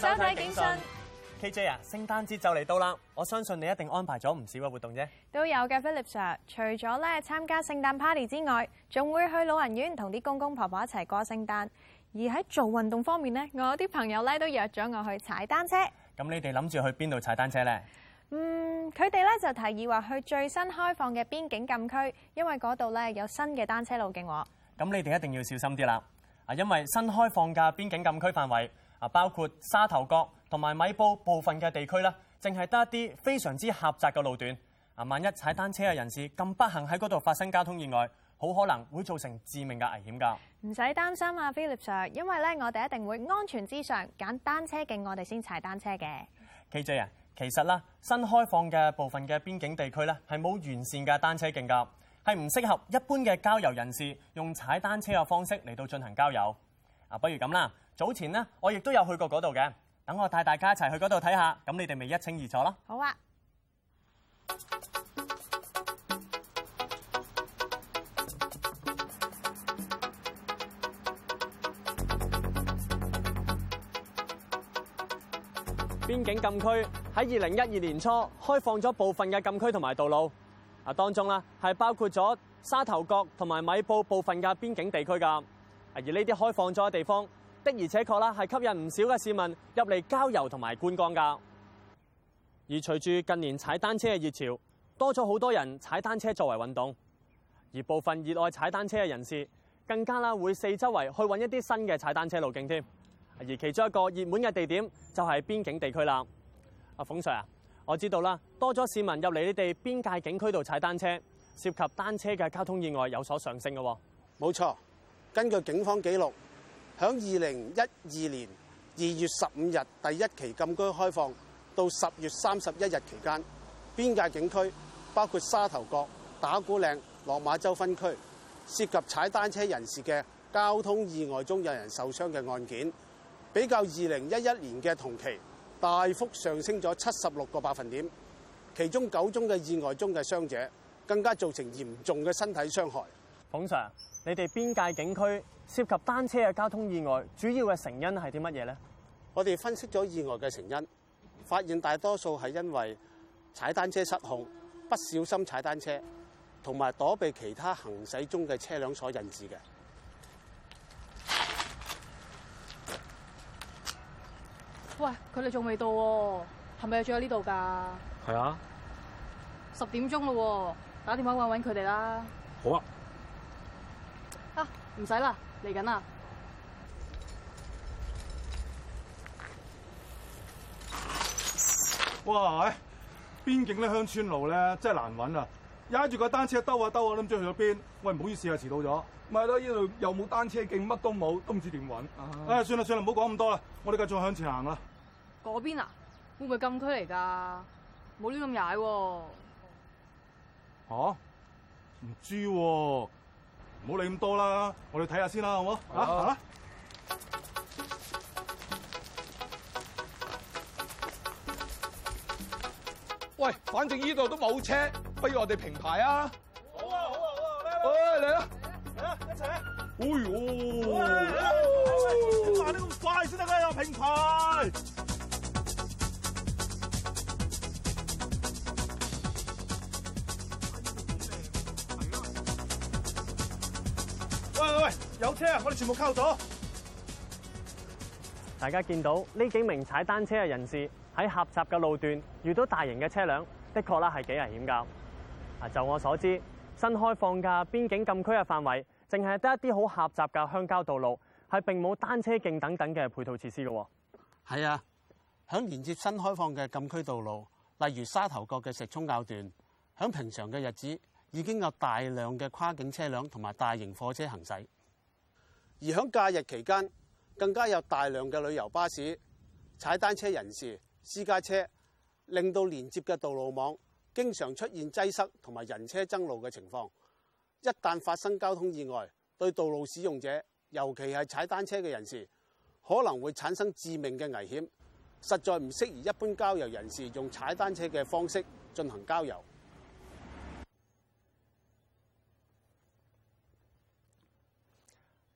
收睇警訊，K J 啊，KJ，聖誕節就嚟到啦！我相信你一定安排咗唔少嘅活動啫。都有嘅，Philip Sir 除，除咗咧參加聖誕 party 之外，仲會去老人院同啲公公婆婆，婆一齊過聖誕。而喺做運動方面咧，我有啲朋友咧都約咗我去踩單車。咁你哋諗住去邊度踩單車咧？嗯，佢哋咧就提議話去最新開放嘅邊境禁區，因為嗰度咧有新嘅單車路徑喎。咁你哋一定要小心啲啦，啊，因為新開放嘅邊境禁區範圍，啊，包括沙頭角同埋米埔部分嘅地區啦，淨係得一啲非常之狹窄嘅路段。啊，萬一踩單車嘅人士咁不幸喺嗰度發生交通意外，好可能會造成致命嘅危險㗎。唔使擔心啊，Philip Sir，因為呢，我哋一定會安全之上揀單車徑，我哋先踩單車嘅。K J 啊，其實啦，新開放嘅部分嘅邊境地區咧，係冇完善嘅單車徑㗎，係唔適合一般嘅郊遊人士用踩單車嘅方式嚟到進行郊遊。啊，不如咁啦。早前呢，我亦都有去過嗰度嘅。等我帶大家一齊去嗰度睇下，咁你哋咪一清二楚咯。好啊。邊境禁區喺二零一二年初開放咗部分嘅禁區同埋道路。啊，當中啦，係包括咗沙頭角同埋米埔部分嘅邊境地區㗎。而呢啲開放咗嘅地方。的而且確啦，係吸引唔少嘅市民入嚟郊遊同埋觀光噶。而隨住近年踩單車嘅熱潮，多咗好多人踩單車作為運動。而部分熱愛踩單車嘅人士，更加啦會四周圍去揾一啲新嘅踩單車路徑添。而其中一個熱門嘅地點就係邊境地區啦，啊。阿馮 sir 啊，我知道啦，多咗市民入嚟你哋邊界景區邊界警區度踩單車，涉及單車嘅交通意外有所上升嘅喎。冇錯，根據警方紀錄。喺二零一二年二月十五日第一期禁區開放到十月三十一日期間，邊界警區包括沙頭角、打鼓嶺、落馬洲分區，涉及踩單車人士嘅交通意外中有人受傷嘅案件，比較二零一一年嘅同期大幅上升咗七十六個百分點，其中九宗嘅意外中嘅傷者更加造成嚴重嘅身體傷害，捧場。你哋邊界警區涉及單車嘅交通意外，主要嘅成因係啲乜嘢咧？我哋分析咗意外嘅成因，發現大多數係因為踩單車失控、不小心踩單車，同埋躲避其他行駛中嘅車輛所引致嘅。喂，佢哋仲未到，係咪又仲喺呢度噶？係啊，十點鐘咯，打電話搵搵佢哋啦。好啊。唔使啦，嚟緊啦！哇，邊境咧鄉村路咧真係難搵啊！踩住個單車兜下兜下，諗住去咗邊。喂，唔好意思啊，遲到咗。咪咯，呢度又冇單車徑，乜都冇，都唔知點搵！唉，算啦算啦，唔好講咁多啦，我哋繼續向前行啦。嗰邊啊？會唔會禁區嚟噶？冇呢亂咁踩喎！吓、啊？唔知喎、啊。唔好理咁多啦，我哋睇下先啦，好唔好？吓、啊，啦、啊。啊、喂，反正依度都冇車，不如我哋平排啊！好啊，好啊，好啊，嚟啦！哎、欸，嚟啦、啊，嚟啦，一齊！哎呦，哇、哎，你咁快先得噶呀、啊，平排！有車我哋全部扣咗。大家見到呢幾名踩單車嘅人士喺狹窄嘅路段遇到大型嘅車輛，的確啦係幾危險噶。啊，就我所知，新開放嘅邊境禁區嘅範圍淨係得一啲好狹窄嘅香郊鄉郊道路，係並冇單車徑等等嘅配套設施嘅。係啊，響連接新開放嘅禁區道路，例如沙頭角嘅石涌凹段，響平常嘅日子已經有大量嘅跨境車輛同埋大型貨車行駛。而響假日期間更加有大量嘅旅遊巴士、踩單車人士、私家車，令到連接嘅道路網經常出現擠塞同埋人車爭路嘅情況，一旦發生交通意外，對道路使用者，尤其係踩單車嘅人士，可能會產生致命嘅危險，實在唔適宜一般郊遊人士用踩單車嘅方式進行郊遊。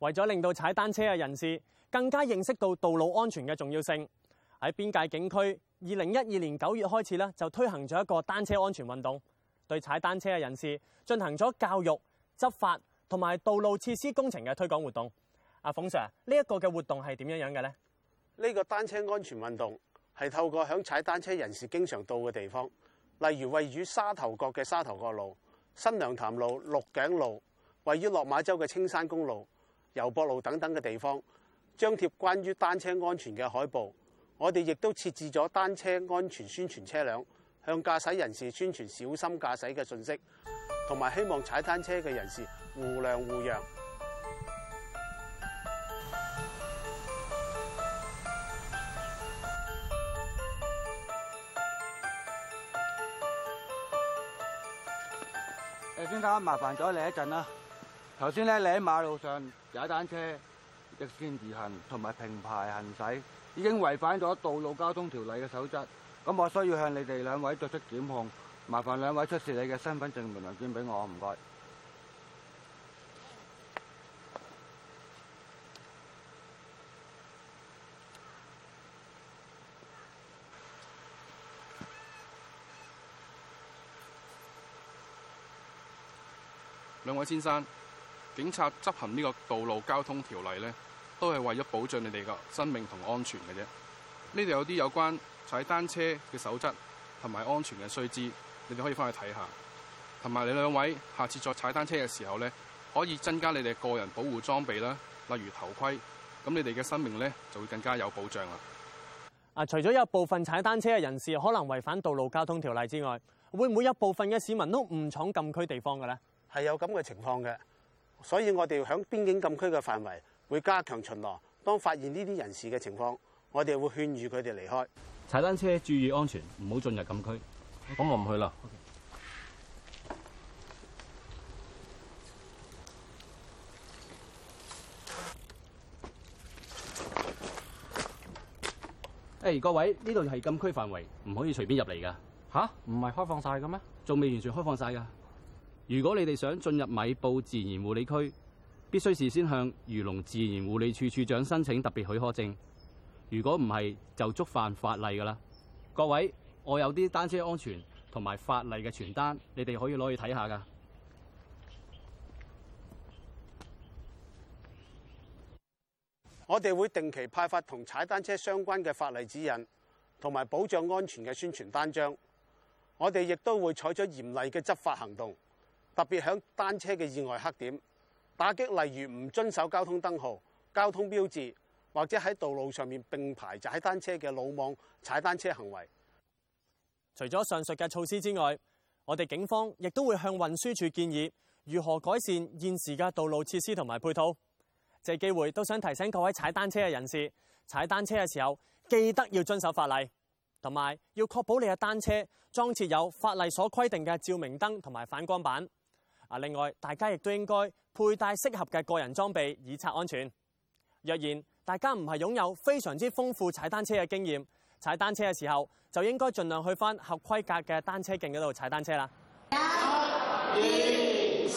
為咗令到踩單車嘅人士更加認識到道路安全嘅重要性，喺邊界警區，二零一二年九月開始咧就推行咗一個單車安全運動，對踩單車嘅人士進行咗教育、執法同埋道路設施工程嘅推廣活動。阿馮 Sir 呢一個嘅活動係點樣樣嘅呢？呢、這個單車安全運動係透過響踩單車人士經常到嘅地方，例如位於沙頭角嘅沙頭角路、新娘潭路、鹿頸路，位於落馬洲嘅青山公路。油柏路等等嘅地方，張貼關於單車安全嘅海報。我哋亦都設置咗單車安全宣傳車輛，向駕駛人士宣傳小心駕駛嘅信息，同埋希望踩單車嘅人士互諒互讓。誒，先生，麻煩咗你一陣首先咧，你喺馬路上踩單車逆線而行，同埋平排行駛，已經違反咗道路交通條例嘅守則。咁我需要向你哋兩位作出檢控，麻煩兩位出示你嘅身份證明文件俾我，唔該。兩位先生。警察執行呢個道路交通條例咧，都係為咗保障你哋嘅生命同安全嘅啫。呢度有啲有關踩單車嘅守則同埋安全嘅須知，你哋可以翻去睇下。同埋你兩位，下次再踩單車嘅時候咧，可以增加你哋個人保護裝備啦，例如頭盔。咁你哋嘅生命咧就會更加有保障啦。啊，除咗有部分踩單車嘅人士可能違反道路交通條例之外，會唔會有部分嘅市民都誤闖禁區的地方嘅咧？係有咁嘅情況嘅。所以我哋響邊境禁區嘅範圍會加強巡邏，當發現呢啲人士嘅情況，我哋會勸喻佢哋離開。踩單車注意安全，唔好進入禁區。咁、okay. 我唔去啦。誒、okay. Hey，各位，呢度係禁區範圍，唔可以隨便入嚟噶。吓，唔係開放晒嘅咩？仲未完全開放晒噶。如果你哋想進入米埔自然護理區，必須事先向漁農自然護理處處長申請特別許可證。如果唔係，就觸犯法例㗎喇。各位，我有啲單車安全同埋法例嘅傳單，你哋可以攞去睇下㗎。我哋會定期派發同踩單車相關嘅法例指引，同埋保障安全嘅宣傳單張。我哋亦都會採取嚴厲嘅執法行動。特別響單車嘅意外黑點，打擊例如唔遵守交通燈號、交通標誌，或者喺道路上面並排踩單車嘅魯莽踩單車行為。除咗上述嘅措施之外，我哋警方亦都會向運輸處建議如何改善現時嘅道路設施同埋配套。借機會都想提醒各位踩單車嘅人士，踩單車嘅時候記得要遵守法例，同埋要確保你嘅單車裝設有法例所規定嘅照明燈同埋反光板。啊！另外，大家亦都應該佩戴適合嘅個人裝備以策安全。若然大家唔係擁有非常之豐富踩單車嘅經驗，踩單車嘅時候就應該盡量去返合規格嘅單車徑嗰度踩單車啦。一、二、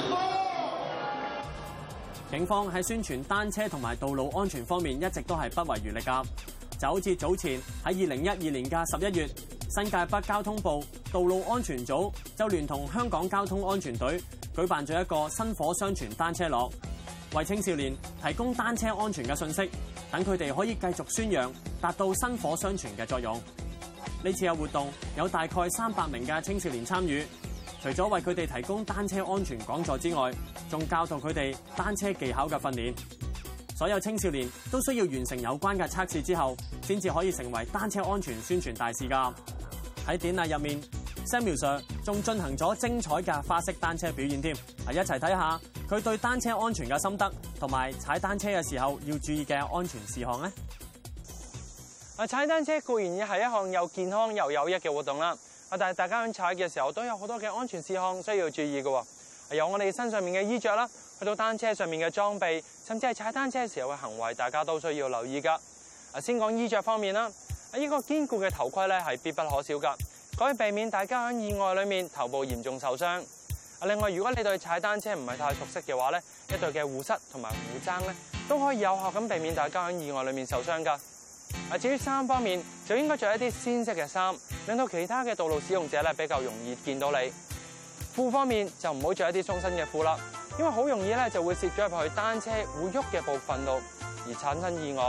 三、五。警方喺宣傳單車同埋道路安全方面一直都係不遺餘力㗎。就好似早前喺二零一二年嘅十一月，新界北交通部道路安全組就聯同香港交通安全隊舉辦咗一個薪火相傳單車樂，為青少年提供單車安全嘅信息，等佢哋可以繼續宣揚，達到薪火相傳嘅作用。呢次嘅活動有大概三百名嘅青少年參與，除咗為佢哋提供單車安全講座之外，仲教導佢哋單車技巧嘅訓練。所有青少年都需要完成有關嘅測試之後，先至可以成為單車安全宣傳大使㗎。喺典禮入面，Samuel Sir 仲進行咗精彩嘅花式單車表演添。啊，一齊睇下佢對單車安全嘅心得，同埋踩單車嘅時候要注意嘅安全事項咧。啊，踩單車固然係一項又健康又有益嘅活動啦。啊，但係大家喺踩嘅時候都有好多嘅安全事項需要注意嘅。由我哋身上面嘅衣着啦。去到單車上面嘅裝備，甚至係踩單車時候嘅行為，大家都需要留意噶。啊，先講衣着方面啦。啊，呢個堅固嘅頭盔咧係必不可少噶，可以避免大家響意外裏面頭部嚴重受傷。啊，另外如果你對踩單車唔係太熟悉嘅話咧，一對嘅護膝同埋護踭咧都可以有效咁避免大家響意外裏面受傷噶。啊，至於衫方面就應該着一啲鮮色嘅衫，令到其他嘅道路使用者咧比較容易見到你。褲方面就唔好着一啲鬆身嘅褲啦。因為好容易咧，就會攝咗入去單車會喐嘅部分度，而產生意外。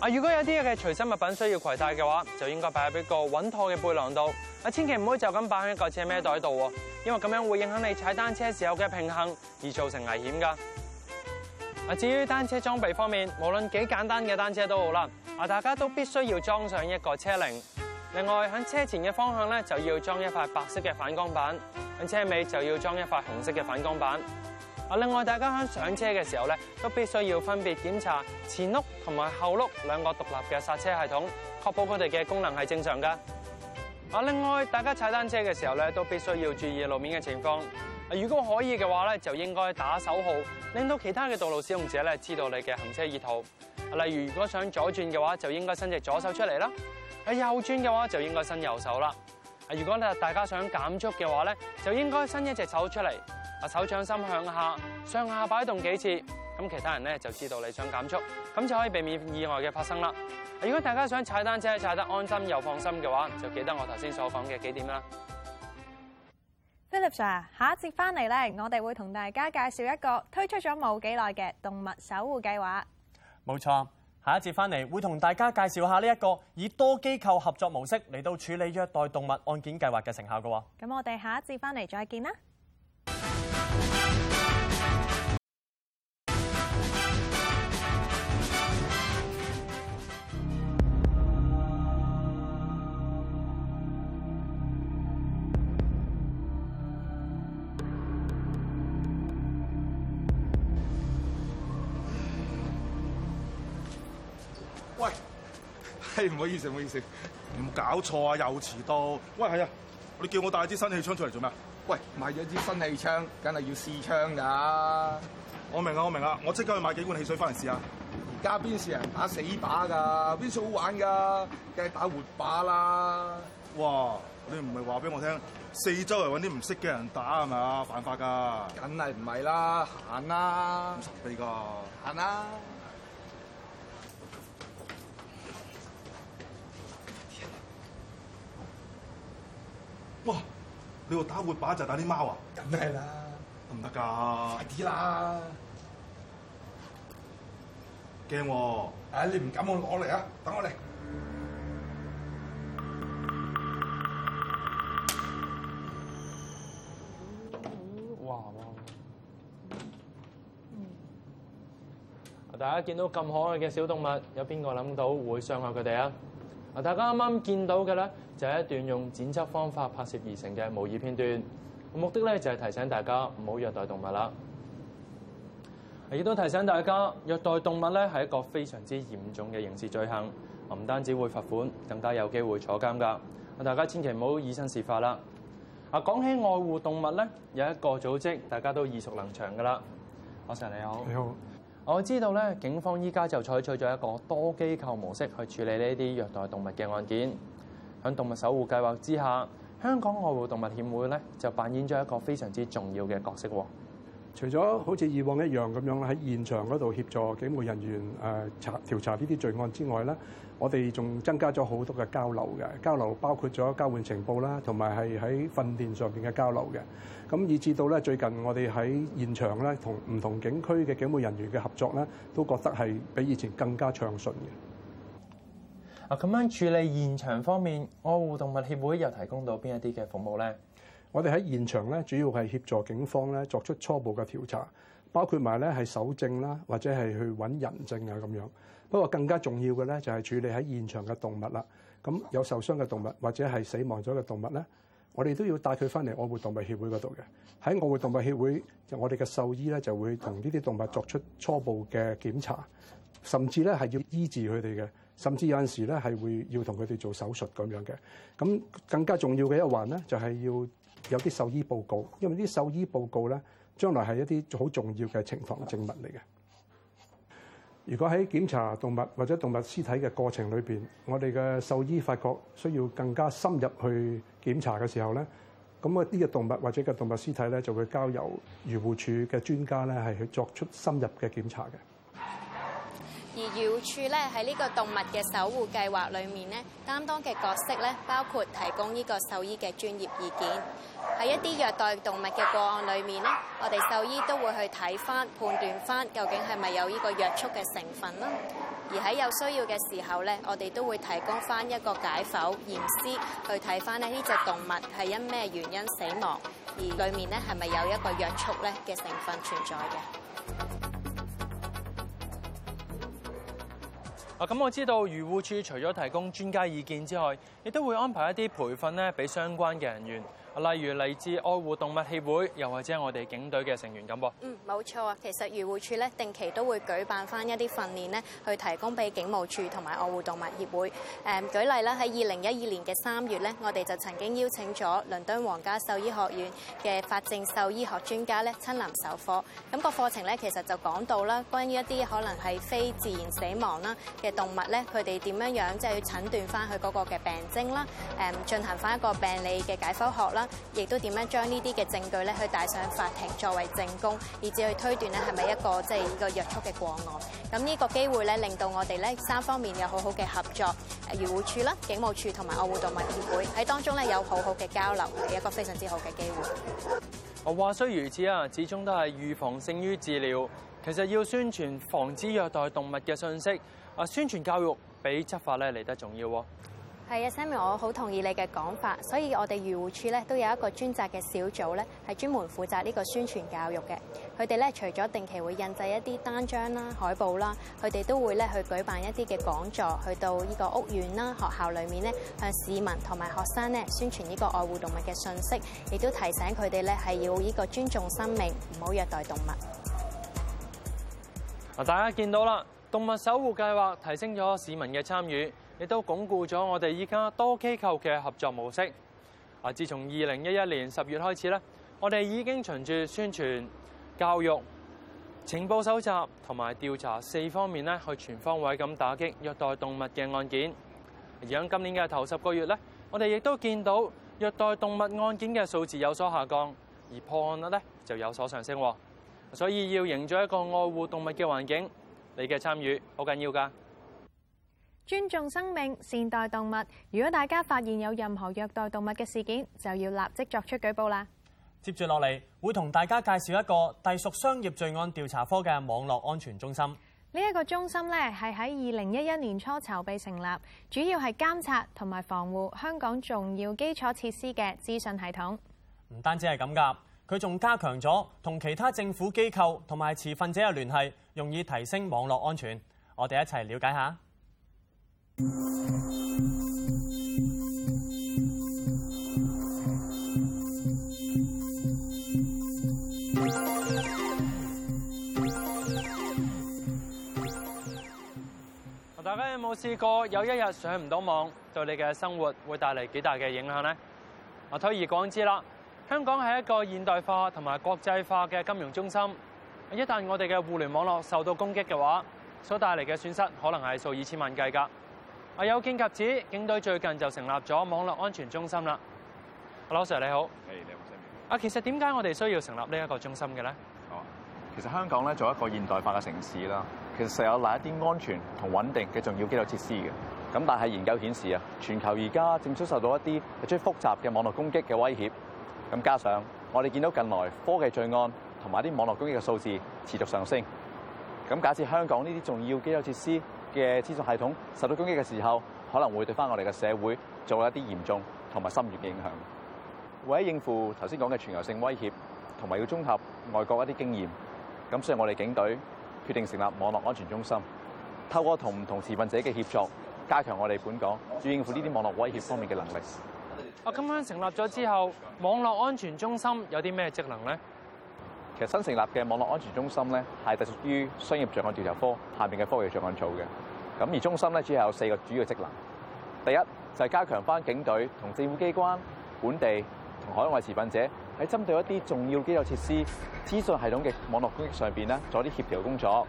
啊，如果有啲嘅隨身物品需要攜帶嘅話，就應該擺喺一個穩妥嘅背囊度。啊，千祈唔好就咁擺喺一個車咩袋度，因為咁樣會影響你踩單車時候嘅平衡，而造成危險噶。啊，至於單車裝備方面，無論幾簡單嘅單車都好啦。啊，大家都必須要裝上一個車鈴。另外，喺車前嘅方向咧，就要裝一塊白色嘅反光板；喺車尾就要裝一塊紅色嘅反光板。另外，大家喺上車嘅時候咧，都必須要分別檢查前轆同埋後轆兩個獨立嘅剎車系統，確保佢哋嘅功能係正常㗎。啊，另外，大家踩單車嘅時候咧，都必須要注意路面嘅情況。啊，如果可以嘅話咧，就應該打手號，令到其他嘅道路使用者咧知道你嘅行車意圖。例如如果想左轉嘅話，就應該伸隻左手出嚟啦；右轉嘅話，就應該伸右手啦。啊，如果大家想減速嘅話咧，就應該伸一隻手出嚟。啊，手掌心向下，上下擺動幾次，咁其他人咧就知道你想減速，咁就可以避免意外嘅發生啦。如果大家想踩單車踩得安心又放心嘅話，就記得我頭先所講嘅幾點啦。Philip Sir，下一節翻嚟咧，我哋會同大家介紹一個推出咗冇幾耐嘅動物守護計劃。冇錯，下一節翻嚟會同大家介紹下呢一個以多機構合作模式嚟到處理虐待動物案件計劃嘅成效噶。咁我哋下一節翻嚟再見啦。唔好意思，唔好意思，唔搞錯啊！又遲到。喂，係啊，你叫我帶支新氣槍出嚟做咩啊？喂，買咗支新氣槍，梗係要試槍㗎、啊。我明啦，我明啦，我即刻去買幾罐汽水翻嚟試下。而家邊時人打死靶㗎？邊時好玩㗎？梗係打活靶啦。哇！你唔係話俾我聽，四周圍揾啲唔識嘅人打係咪啊？犯法㗎。梗係唔係啦？行啦、啊。唔神秘㗎。行啦、啊。哇！你話打活靶就打啲貓行行啊？梗係啦？得唔得㗎？快啲啦！驚喎！你唔敢我攞嚟啊！等我嚟。哇！嗯，大家見到咁可愛嘅小動物，有邊個諗到會傷害佢哋啊？嗱，大家啱啱見到嘅咧，就係一段用剪輯方法拍攝而成嘅模擬片段，目的咧就係提醒大家唔好虐待動物啦，亦都提醒大家虐待動物咧係一個非常之嚴重嘅刑事罪行，唔單止會罰款，更加有機會坐監噶。大家千祈唔好以身試法啦。嗱，講起愛護動物咧，有一個組織大家都耳熟能詳噶啦，阿 Sir，你好。我知道咧，警方依家就採取咗一個多機構模式去處理呢啲虐待動物嘅案件。響動物守護計劃之下，香港愛護動物協會咧就扮演咗一個非常之重要嘅角色喎。除咗好似以往一樣咁樣喺現場嗰度協助警務人員誒查調查呢啲罪案之外咧，我哋仲增加咗好多嘅交流嘅交流，交流包括咗交換情報啦，同埋係喺訓練上面嘅交流嘅。咁以至到咧最近我哋喺現場咧同唔同警區嘅警務人員嘅合作咧，都覺得係比以前更加暢順嘅。啊，咁樣處理現場方面，愛護動物協會又提供到邊一啲嘅服務咧？我哋喺現場咧，主要係協助警方咧作出初步嘅調查，包括埋咧係蒐證啦，或者係去揾人證啊咁樣。不過更加重要嘅咧就係處理喺現場嘅動物啦。咁有受傷嘅動物或者係死亡咗嘅動物咧，我哋都要帶佢翻嚟愛護動物協會嗰度嘅。喺愛護動物協會，就我哋嘅獸醫咧就會同呢啲動物作出初步嘅檢查，甚至咧係要醫治佢哋嘅，甚至有陣時咧係會要同佢哋做手術咁樣嘅。咁更加重要嘅一環咧就係要有啲獸醫報告，因為啲獸醫報告咧，將來係一啲好重要嘅情況證物嚟嘅。如果喺檢查動物或者動物屍體嘅過程裏邊，我哋嘅獸醫發覺需要更加深入去檢查嘅時候咧，咁啊啲嘅動物或者嘅動物屍體咧就會交由漁護署嘅專家咧係去作出深入嘅檢查嘅。而養處咧喺呢個動物嘅守護計劃裏面咧，擔當嘅角色咧，包括提供呢個獸醫嘅專業意見。喺一啲虐待動物嘅個案裏面咧，我哋獸醫都會去睇翻、判斷翻，究竟係咪有呢個虐畜嘅成分啦。而喺有需要嘅時候咧，我哋都會提供翻一個解剖驗屍，去睇翻咧呢隻動物係因咩原因死亡，而裡面咧係咪有一個虐畜咧嘅成分存在嘅。咁、哦嗯、我知道漁護署除咗提供專家意見之外，亦都會安排一啲培訓咧，俾相關嘅人員。例如嚟自愛護動物協會又或者係我哋警隊嘅成員咁噃。嗯，冇錯啊！其實漁護署咧定期都會舉辦翻一啲訓練咧，去提供俾警務處同埋愛護動物協會誒、嗯、舉例啦，喺二零一二年嘅三月咧，我哋就曾經邀請咗倫敦皇家獸醫學院嘅法證獸醫學專家咧親臨授課，咁、那個課程咧其實就講到啦，關於一啲可能係非自然死亡啦嘅動物咧，佢哋點樣樣即係要診斷翻佢個嘅病徵啦，誒、嗯、進行翻一個病理嘅解剖學啦。亦都點樣將呢啲嘅證據咧，去帶上法庭作為證供，以至去推斷咧係咪一個即係、就是、個虐畜嘅過案。咁、這個、呢個機會咧，令到我哋咧三方面有好好嘅合作。漁護處啦、警務處同埋愛護動物協會喺當中咧有好好嘅交流，係一個非常之好嘅機會。話雖如此啊，始終都係預防勝於治療。其實要宣傳防止虐待動物嘅信息，啊，宣傳教育比執法咧嚟得重要。係啊，Sammy，我好同意你嘅講法，所以我哋漁護處咧都有一個專責嘅小組咧，係專門負責呢個宣傳教育嘅。佢哋咧除咗定期會印製一啲單張啦、海報啦，佢哋都會咧去舉辦一啲嘅講座，去到呢個屋苑啦、學校裏面咧，向市民同埋學生咧宣傳呢個愛護動物嘅信息，亦都提醒佢哋咧係要呢個尊重生命，唔好虐待動物。啊，大家見到啦，動物守護計劃提升咗市民嘅參與。亦都鞏固咗我哋依家多機構嘅合作模式。啊，自從二零一一年十月開始咧，我哋已經循住宣傳教育、情報搜集同埋調查四方面咧，去全方位咁打擊虐待動物嘅案件。而喺今年嘅頭十個月咧，我哋亦都見到虐待動物案件嘅數字有所下降，而破案率咧就有所上升。所以要營造一個愛護動物嘅環境，你嘅參與好緊要㗎。尊重生命，善待動物。如果大家發現有任何虐待動物嘅事件，就要立即作出舉報啦。接住落嚟，會同大家介紹一個隸屬商業罪案調查科嘅網絡安全中心。呢一個中心咧係喺二零一一年初籌備成立，主要係監察同埋防護香港重要基礎設施嘅資訊系統。唔單止係咁噶，佢仲加強咗同其他政府機構同埋持份者嘅聯繫，容易提升網絡安全。我哋一齊了解下。大家有冇試過有一日上唔到網，對你嘅生活會帶嚟幾大嘅影響呢？我推而廣之啦，香港係一個現代化同埋國際化嘅金融中心。一旦我哋嘅互聯網絡受到攻擊嘅話，所帶嚟嘅損失可能係數以千萬計噶。有見及此，警隊最近就成立咗網絡安全中心啦。Hello sir，你好，誒你好，新聞。啊，其實點解我哋需要成立呢一個中心嘅咧？哦，其實香港咧做一個現代化嘅城市啦，其實實有賴一啲安全同穩定嘅重要基礎設施嘅。咁但係研究顯示啊，全球而家正遭受到一啲最複雜嘅網絡攻擊嘅威脅。咁加上我哋見到近來科技罪案同埋啲網絡攻擊嘅數字持續上升。咁假設香港呢啲重要基礎設施，嘅資訊系統受到攻擊嘅時候，可能會對翻我哋嘅社會做一啲嚴重同埋深遠嘅影響。為咗應付頭先講嘅全球性威脅，同埋要綜合外國嘅一啲經驗，咁所以我哋警隊決定成立網絡安全中心，透過同唔同持份者嘅協助，加強我哋本港要應付呢啲網絡威脅方面嘅能力。啊，咁樣成立咗之後，網絡安全中心有啲咩職能咧？新成立嘅網絡安全中心咧，係隸屬於商業罪案調查科下面嘅科技罪案組嘅。咁而中心咧，主要有四個主要職能。第一就係、是、加強翻警隊同政府機關、本地同海外持份者喺針對一啲重要基礎設施資訊系統嘅網絡攻擊上邊咧，做一啲協調工作。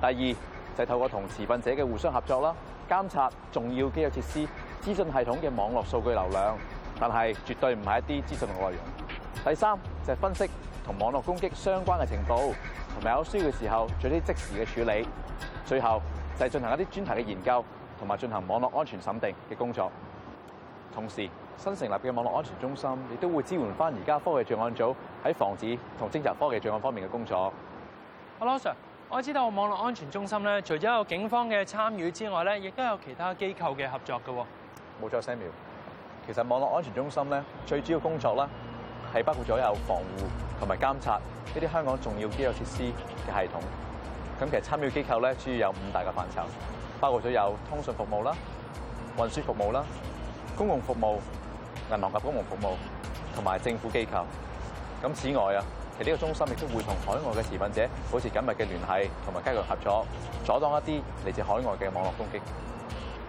第二就係、是、透過同持份者嘅互相合作啦，監察重要基礎設施資訊系統嘅網絡數據流量，但係絕對唔係一啲資訊嘅內容。第三就係、是、分析。同網絡攻擊相關嘅情報，同埋有需要嘅時候做啲即時嘅處理。最後就係進行一啲專題嘅研究，同埋進行網絡安全審定嘅工作。同時新成立嘅網絡安全中心，亦都會支援翻而家科技罪案組喺防止同偵查科技罪案方面嘅工作。阿 Law Sir，我知道網絡安全中心咧，除咗有警方嘅參與之外咧，亦都有其他機構嘅合作㗎。冇錯，Samuel，其實網絡安全中心咧，最主要工作咧係包括咗有防護。同埋監察呢啲香港重要基礎設施嘅系統，咁其實參與機構咧主要有五大嘅範疇，包括咗有通訊服務啦、運輸服務啦、公共服務、銀行及公共服務，同埋政府機構。咁此外啊，其實呢個中心亦都會同海外嘅持份者保持緊密嘅聯繫，同埋繼續合作，阻擋一啲嚟自海外嘅網絡攻擊。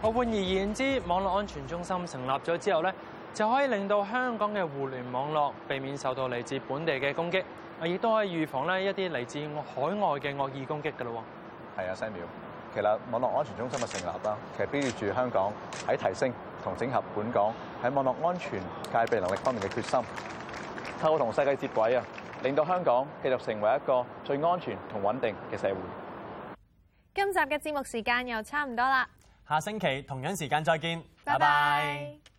我換而言之，網絡安全中心成立咗之後咧。就可以令到香港嘅互聯網絡避免受到嚟自本地嘅攻擊，啊，亦都可以預防咧一啲嚟自海外嘅惡意攻擊噶咯。係啊，Samuel，其實網絡安全中心嘅成立啦，其實標誌住香港喺提升同整合本港喺網絡安全戒備能力方面嘅決心，透過同世界接軌啊，令到香港繼續成為一個最安全同穩定嘅社會。今集嘅節目時間又差唔多啦，下星期同樣時間再見，拜拜。Bye bye